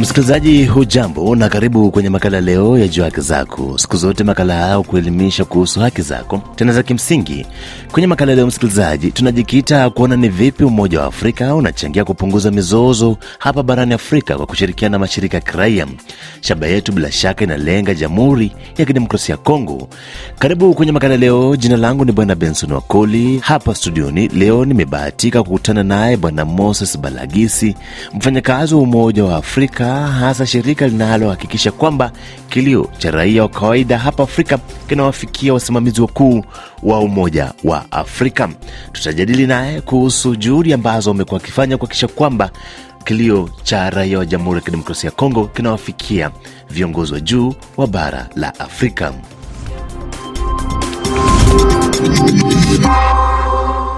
Msikilizaji hujambo na karibu kwenye makala leo ya juu Haki Zako. Siku zote makala haya kuelimisha kuhusu haki zako tena za kimsingi. Kwenye makala leo, msikilizaji, tunajikita kuona ni vipi Umoja wa Afrika unachangia kupunguza mizozo hapa barani Afrika kwa kushirikiana na mashirika ya kiraia. Shaba yetu bila shaka inalenga Jamhuri ya Kidemokrasia ya Kongo. Karibu kwenye makala leo. Jina langu ni Bwana Benson Wakoli. Hapa studioni leo nimebahatika kukutana naye Bwana Moses Balagisi, mfanyakazi wa Umoja wa Afrika kadhaa, hasa shirika linalohakikisha kwamba kilio cha raia wa kawaida hapa Afrika kinawafikia wasimamizi wakuu wa Umoja wa Afrika. Tutajadili naye kuhusu juhudi ambazo wamekuwa wakifanya kuhakikisha kwamba kilio cha raia wa Jamhuri ya Kidemokrasia ya Kongo kinawafikia viongozi wa juu wa bara la Afrika.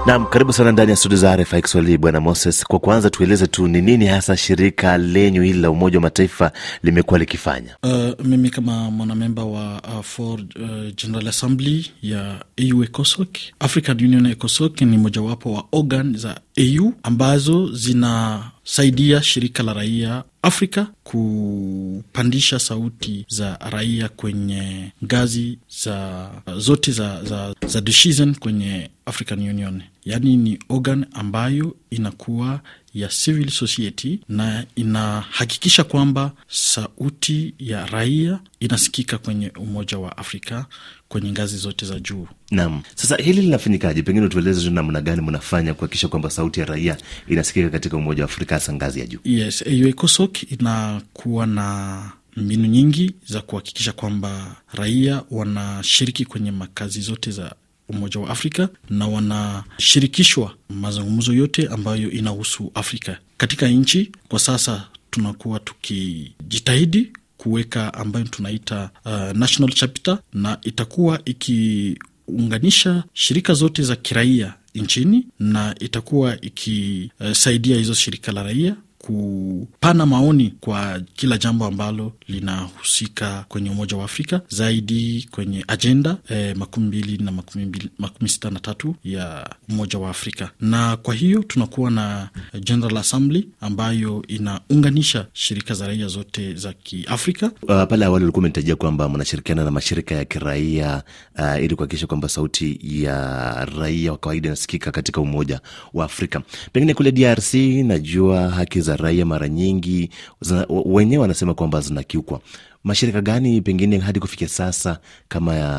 Nam, karibu sana ndani ya studio za RFI Kiswahili, Bwana Moses. Kwa kwanza, tueleze tu ni nini hasa shirika lenyu hili la Umoja wa Mataifa limekuwa likifanya? Uh, mimi kama mwanamemba wa uh, for uh, General Assembly ya AU e ECOSOC, African Union ECOSOC ni mojawapo wa organ za EU ambazo zinasaidia shirika la raia Afrika kupandisha sauti za raia kwenye ngazi za zote za, za, za decision kwenye African Union, yaani ni organ ambayo inakuwa ya civil society na inahakikisha kwamba sauti ya raia inasikika kwenye Umoja wa Afrika kwenye ngazi zote za juu. Naam, sasa hili linafanyikaje? Pengine utueleze tu namna gani mnafanya kuhakikisha kwamba sauti ya raia inasikika katika Umoja wa Afrika, hasa ngazi ya juu? Yes, ECOSOC inakuwa na mbinu nyingi za kuhakikisha kwamba raia wanashiriki kwenye makazi zote za Umoja wa Afrika na wanashirikishwa mazungumzo yote ambayo inahusu Afrika katika nchi. Kwa sasa tunakuwa tukijitahidi kuweka ambayo tunaita uh, national chapter na itakuwa ikiunganisha shirika zote za kiraia nchini na itakuwa ikisaidia uh, hizo shirika la raia kupana maoni kwa kila jambo ambalo linahusika kwenye Umoja wa Afrika, zaidi kwenye ajenda eh, makumi mbili na makumi sita na tatu ya Umoja wa Afrika. Na kwa hiyo tunakuwa na General Assembly ambayo inaunganisha shirika za raia zote za Kiafrika. Uh, pale awali ulikuwa umetajia kwamba mnashirikiana na mashirika ya kiraia uh, ili kuhakikisha kwamba sauti ya raia wa kawaida inasikika katika Umoja wa Afrika. Pengine kule DRC najua haki za za raia mara nyingi wenyewe wanasema kwamba zinakiukwa. Mashirika gani pengine hadi kufikia sasa kama ya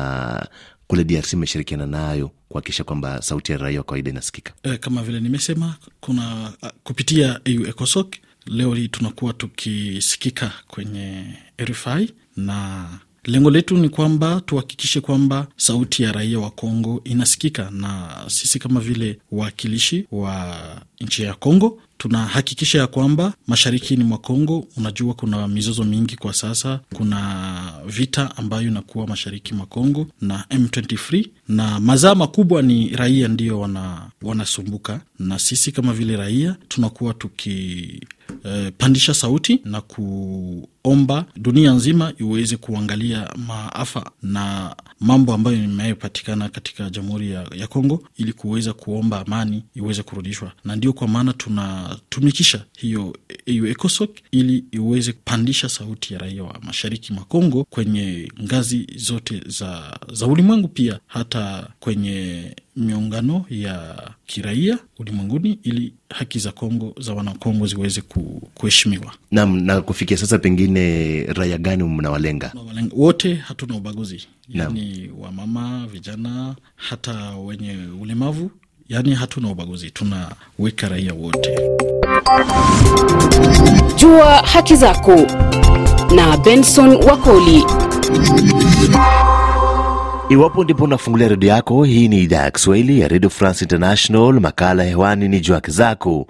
kule DRC imeshirikiana nayo kuhakikisha kwamba sauti ya raia wa kawaida inasikika? E, kama vile nimesema, kuna kupitia EU ECOSOC leo hii tunakuwa tukisikika kwenye RFI na lengo letu ni kwamba tuhakikishe kwamba sauti ya raia wa Kongo inasikika, na sisi kama vile wawakilishi wa nchi ya Kongo tunahakikisha ya kwamba mashariki ni mwa Kongo, unajua kuna mizozo mingi kwa sasa, kuna vita ambayo inakuwa mashariki mwa Kongo na M23, na mazaa makubwa ni raia ndiyo wanasumbuka wana, na sisi kama vile raia tunakuwa tuki kupandisha eh, sauti na kuomba dunia nzima iweze kuangalia maafa na mambo ambayo imeyopatikana katika Jamhuri ya, ya Kongo ili kuweza kuomba amani iweze kurudishwa, na ndio kwa maana tunatumikisha hiyo hiyo ECOSOC ili iweze kupandisha sauti ya raia wa mashariki mwa Kongo kwenye ngazi zote za, za ulimwengu, pia hata kwenye miungano ya kiraia ulimwenguni ili haki za Kongo za Wanakongo ziweze kuheshimiwa. Naam. Na kufikia sasa, pengine raia gani mnawalenga? Mnawalenga wote, hatuna ubaguzi, yani wamama, vijana, hata wenye ulemavu, yani hatuna ubaguzi, tunaweka raia wote. Jua haki zako na Benson Wakoli Iwapo ndipo unafungulia redio yako, hii ni idhaa ya Kiswahili ya Redio France International. Makala hewani ni juu haki zako,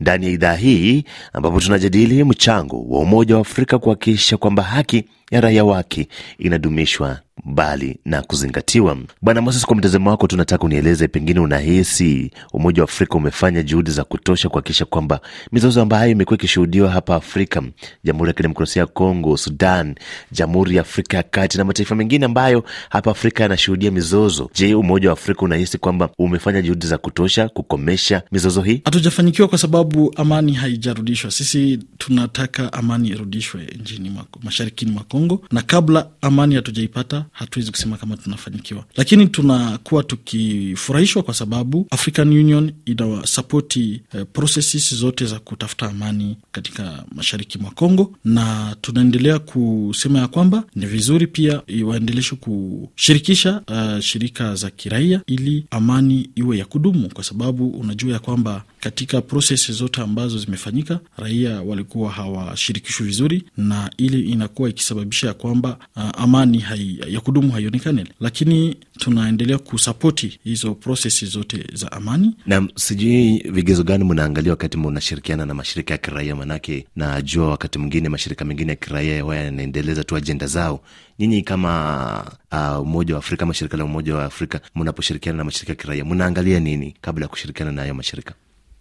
ndani ya idhaa hii ambapo tunajadili mchango wa Umoja wa Afrika kuhakikisha kwamba haki ya raia wake inadumishwa mbali na kuzingatiwa. Bwana Moses, kwa mtazamo wako, tunataka unieleze, pengine unahisi Umoja wa Afrika umefanya juhudi za kutosha kuhakikisha kwamba mizozo ambayo imekuwa ikishuhudiwa hapa Afrika, Jamhuri ya Kidemokrasia ya Kongo, Sudan, Jamhuri ya Afrika ya Kati na mataifa mengine ambayo hapa Afrika yanashuhudia mizozo. Je, Umoja wa Afrika unahisi kwamba umefanya juhudi za kutosha kukomesha mizozo hii? Hatujafanikiwa kwa sababu amani haijarudishwa. Sisi tunataka amani irudishwe nchini mashariki mwa Kongo Kongo, na kabla amani hatujaipata hatuwezi kusema kama tunafanikiwa, lakini tunakuwa tukifurahishwa kwa sababu African Union inasapoti eh, processes zote za kutafuta amani katika mashariki mwa Kongo, na tunaendelea kusema ya kwamba ni vizuri pia waendeleshe kushirikisha uh, shirika za kiraia ili amani iwe ya kudumu, kwa sababu unajua ya kwamba katika prosesi zote ambazo zimefanyika, raia walikuwa hawashirikishwi vizuri, na ili inakuwa ikisababisha ya kwamba uh, amani hai, ya kudumu haionekani, lakini tunaendelea kusapoti hizo prosesi zote za amani. Na sijui vigezo gani mnaangalia wakati mnashirikiana na mashirika ya kiraia, manake najua wakati mwingine mashirika mengine ya kiraia wao yanaendeleza tu ajenda zao. Nyinyi kama uh, Umoja wa Afrika ama shirika la Umoja wa Afrika mnaposhirikiana na mashirika ya kiraia mnaangalia nini kabla ya kushirikiana na hayo mashirika?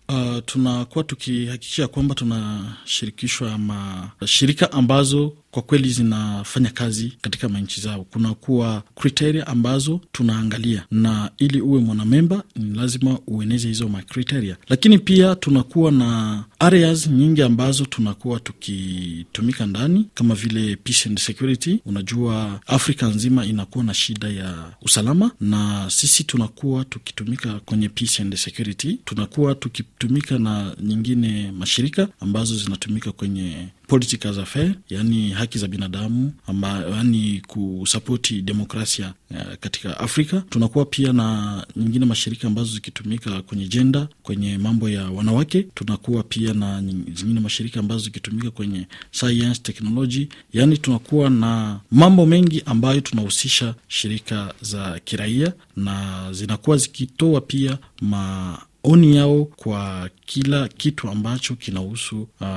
uh, tunakuwa tukihakikisha kwamba tunashirikishwa mashirika ambazo kwa kweli zinafanya kazi katika manchi zao. Kuna kuwa kriteria ambazo tunaangalia, na ili uwe mwanamemba ni lazima ueneze hizo makriteria, lakini pia tunakuwa na areas nyingi ambazo tunakuwa tukitumika ndani, kama vile peace and security. Unajua, Afrika nzima inakuwa na shida ya usalama, na sisi tunakuwa tukitumika kwenye peace and security, tunakuwa tukitumika na nyingine mashirika ambazo zinatumika kwenye political affairs, yani haki za binadamu amba, yani kusapoti demokrasia eh, katika Afrika. Tunakuwa pia na nyingine mashirika ambazo zikitumika kwenye jenda, kwenye mambo ya wanawake. Tunakuwa pia na zingine mashirika ambazo zikitumika kwenye science technology, yani tunakuwa na mambo mengi ambayo tunahusisha shirika za kiraia na zinakuwa zikitoa pia maoni yao kwa kila kitu ambacho kinahusu uh,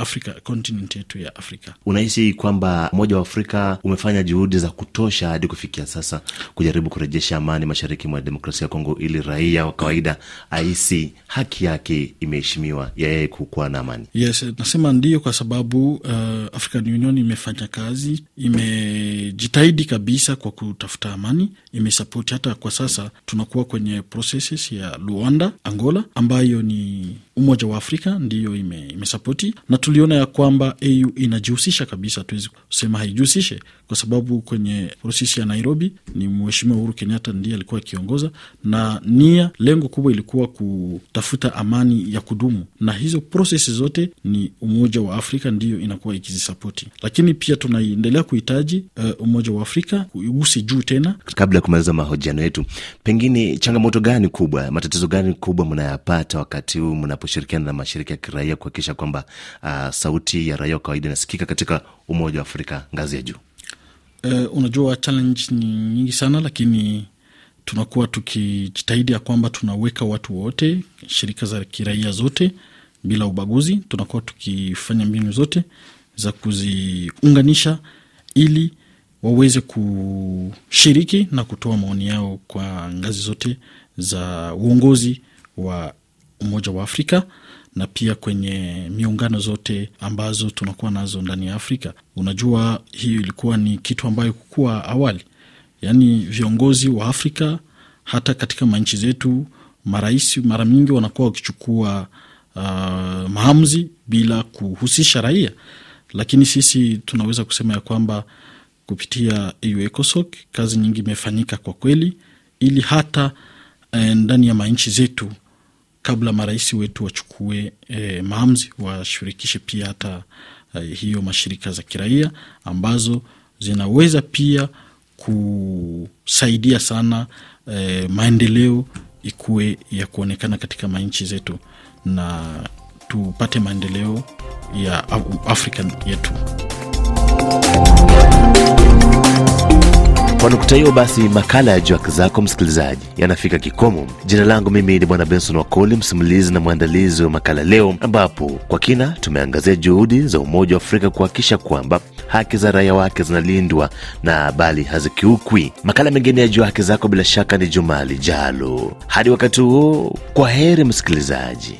Afrika, continent yetu ya Afrika. Unahisi kwamba Umoja wa Afrika umefanya juhudi za kutosha hadi kufikia sasa kujaribu kurejesha amani mashariki mwa demokrasia ya Kongo ili raia wa kawaida ahisi haki yake imeheshimiwa ya yeye kukuwa na amani? Yes, nasema ndiyo, kwa sababu uh, African Union imefanya kazi, imejitahidi kabisa kwa kutafuta amani, imesapoti hata kwa sasa tunakuwa kwenye processes ya Luanda, Angola ambayo ni Umoja wa Afrika ndiyo ime, imesapoti na tuliona ya kwamba AU inajihusisha kabisa. Tuwezi kusema haijihusishe kwa sababu kwenye prosesi ya Nairobi ni Mheshimiwa Uhuru Kenyatta ndiye alikuwa akiongoza, na nia, lengo kubwa ilikuwa kutafuta amani ya kudumu, na hizo prosesi zote ni Umoja wa Afrika ndiyo inakuwa ikizisapoti, lakini pia tunaendelea kuhitaji uh, Umoja wa Afrika ugusi juu tena. Kabla ya kumaliza mahojiano yetu, pengine changamoto gani kubwa, matatizo gani kubwa mnayapata wakati huu mnapo kushirikiana na mashirika ya kiraia kuhakikisha kwamba uh, sauti ya raia wa kawaida inasikika katika Umoja wa Afrika ngazi ya juu? Uh, unajua challenge ni nyingi sana, lakini tunakuwa tukijitahidi ya kwamba tunaweka watu wote, shirika za kiraia zote bila ubaguzi, tunakuwa tukifanya mbinu zote za kuziunganisha ili waweze kushiriki na kutoa maoni yao kwa ngazi zote za uongozi wa Umoja wa Afrika na pia kwenye miungano zote ambazo tunakuwa nazo ndani ya Afrika. Unajua, hiyo ilikuwa ni kitu ambayo kukuwa awali, yaani viongozi wa Afrika hata katika manchi zetu, marais mara mingi wanakuwa wakichukua uh, ah, maamzi bila kuhusisha raia, lakini sisi tunaweza kusema ya kwamba kupitia EU ECOSOC kazi nyingi imefanyika kwa kweli, ili hata eh, ndani ya manchi zetu kabla marais wetu wachukue e, eh, maamzi washirikishe pia hata e, hiyo mashirika za kiraia ambazo zinaweza pia kusaidia sana e, maendeleo ikuwe ya kuonekana katika manchi zetu na tupate maendeleo ya Afrika yetu. Kwa nukta hiyo basi, makala ya Jua Haki Zako msikilizaji yanafika kikomo. Jina langu mimi ni Bwana Benson Wakoli, msimulizi na mwandalizi wa makala leo, ambapo kwa kina tumeangazia juhudi za Umoja wa Afrika kuhakikisha kwamba haki za raia wake zinalindwa na bali hazikiukwi. Makala mengine ya Jua Haki Zako bila shaka ni juma lijalo. Hadi wakati huo, kwa heri msikilizaji.